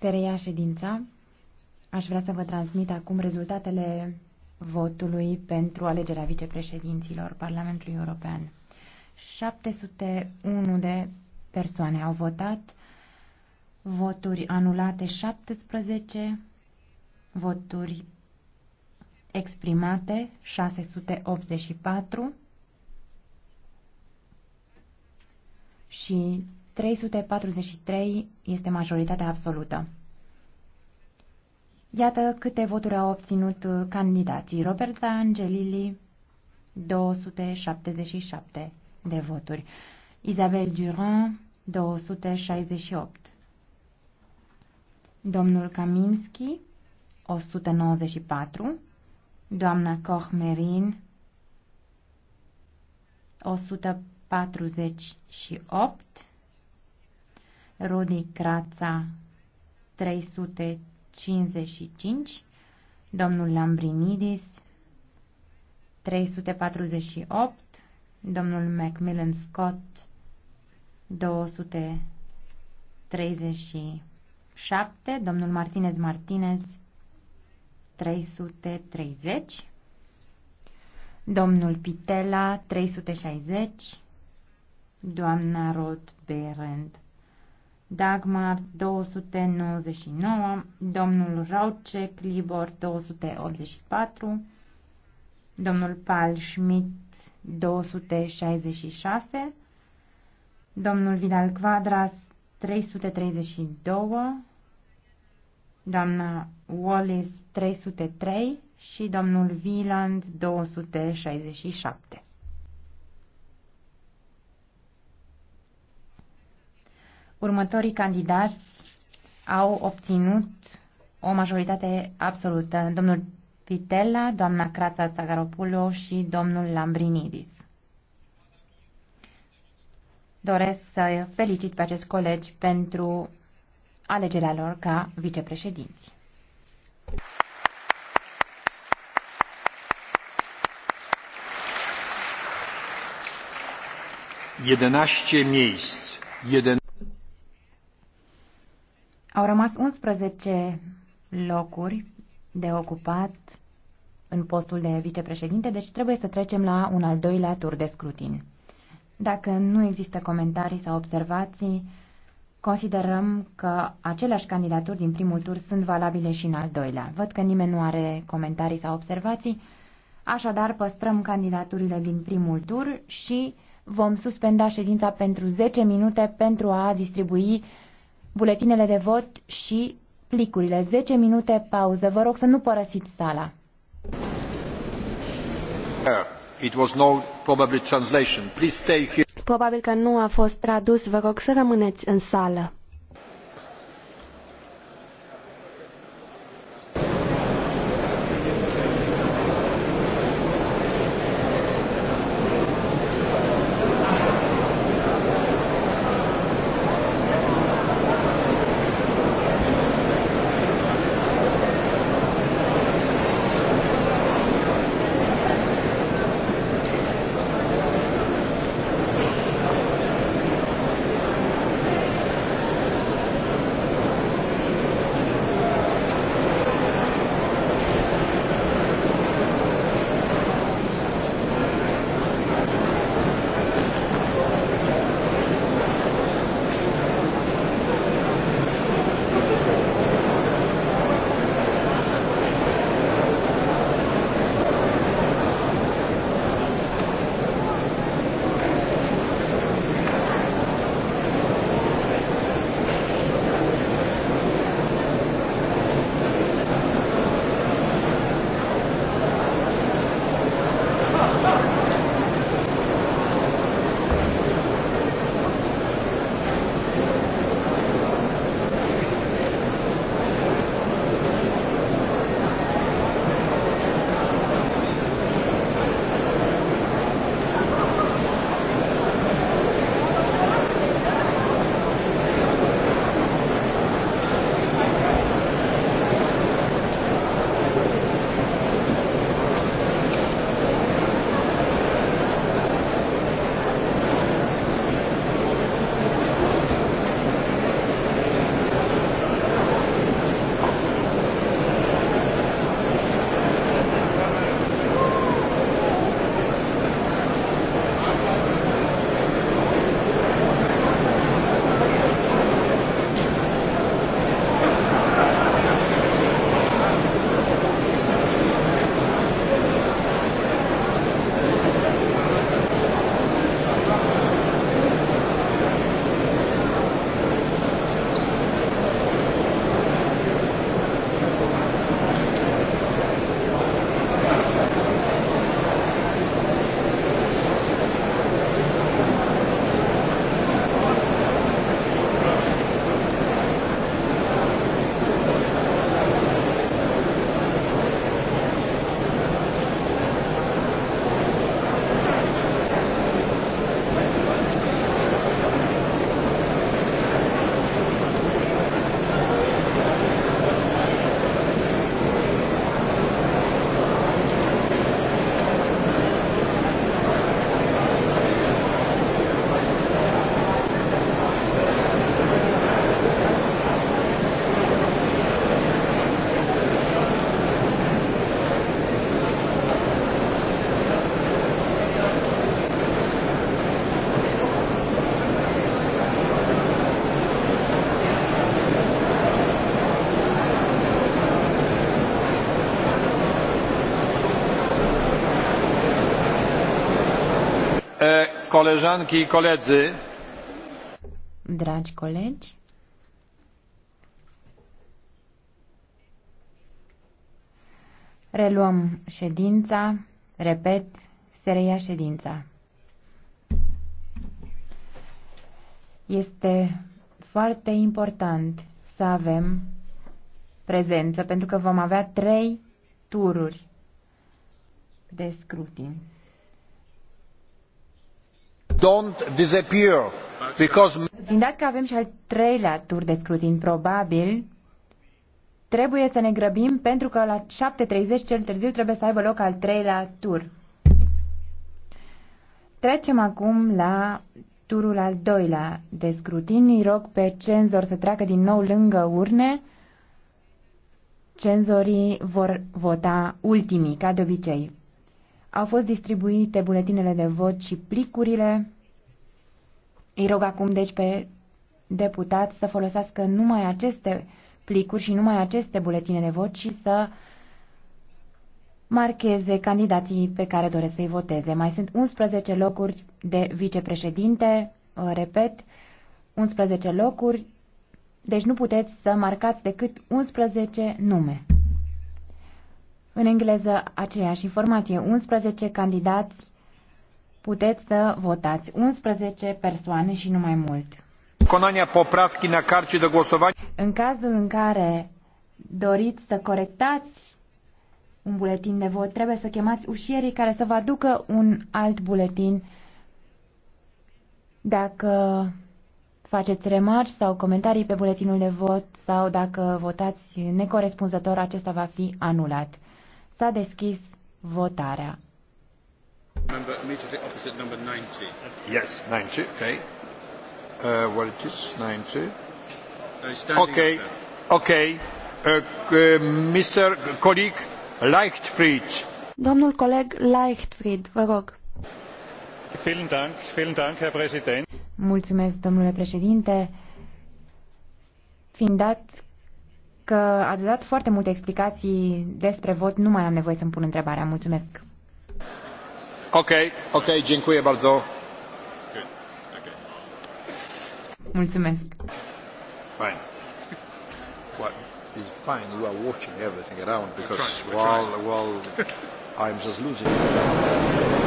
Se reia ședința. Aș vrea să vă transmit acum rezultatele votului pentru alegerea vicepreședinților Parlamentului European. 701 de persoane au votat, voturi anulate 17, voturi exprimate 684 și 343 este majoritatea absolută. Iată câte voturi au obținut candidații. Roberta Angelilli, 277 de voturi. Isabel Durand, 268. Domnul Kaminski, 194. Doamna Koch-Merin, 148 Rudi Crața 355, domnul Lambrinidis 348, domnul Macmillan Scott 237, domnul Martinez Martinez 330, domnul Pitela 360, doamna Rod Berend Dagmar 299, domnul Rauchek Libor 284, domnul Pal Schmidt 266, domnul Vidal Quadras 332, doamna Wallis 303 și domnul Wieland 267. Următorii candidați au obținut o majoritate absolută. Domnul Pitella, doamna Crața Sagaropulo și domnul Lambrinidis. Doresc să felicit pe acest colegi pentru alegerea lor ca vicepreședinți. Jedenaście miejsc. Jeden... Au rămas 11 locuri de ocupat în postul de vicepreședinte, deci trebuie să trecem la un al doilea tur de scrutin. Dacă nu există comentarii sau observații, considerăm că aceleași candidaturi din primul tur sunt valabile și în al doilea. Văd că nimeni nu are comentarii sau observații, așadar păstrăm candidaturile din primul tur și vom suspenda ședința pentru 10 minute pentru a distribui buletinele de vot și plicurile. 10 minute pauză. Vă rog să nu părăsiți sala. It was no probably translation. Please stay here. Probabil că nu a fost tradus. Vă rog să rămâneți în sală. koleżanki i koledzy. Dragi colegi. Reluăm ședința, repet, se reia ședința. Este foarte important să avem prezență pentru că vom avea trei tururi de scrutin. Don't disappear, because... dat că avem și al treilea tur de scrutin probabil, trebuie să ne grăbim pentru că la 7.30 cel târziu trebuie să aibă loc al treilea tur. Trecem acum la turul al doilea de scrutin. Îi rog pe cenzor să treacă din nou lângă urne. Cenzorii vor vota ultimii, ca de obicei. Au fost distribuite buletinele de vot și plicurile. Îi rog acum, deci, pe deputat să folosească numai aceste plicuri și numai aceste buletine de vot și să marcheze candidații pe care doresc să-i voteze. Mai sunt 11 locuri de vicepreședinte, repet, 11 locuri, deci nu puteți să marcați decât 11 nume. În engleză, aceeași informație. 11 candidați puteți să votați. 11 persoane și nu mai mult. Conania na În cazul în care doriți să corectați un buletin de vot, trebuie să chemați ușierii care să vă aducă un alt buletin. Dacă faceți remarci sau comentarii pe buletinul de vot sau dacă votați necorespunzător, acesta va fi anulat. S-a deschis votarea. Number, immediately opposite number 90. Yes, 90, okay. Uh, well, it is 90. Uh, okay, okay. Uh, uh, Mr. Colleague Leichtfried. Domnul coleg Leichtfried, vă rog. Vielen Dank, vielen Dank, Herr Präsident. Mulțumesc, domnule președinte. Fiind dat că ați dat foarte multe explicații despre vot. Nu mai am nevoie să-mi pun întrebarea. Mulțumesc. Ok, ok, dziękuję bardzo. Okay. Okay. Mulțumesc. Fine. What is fine, you are watching everything around because while, while I'm just losing.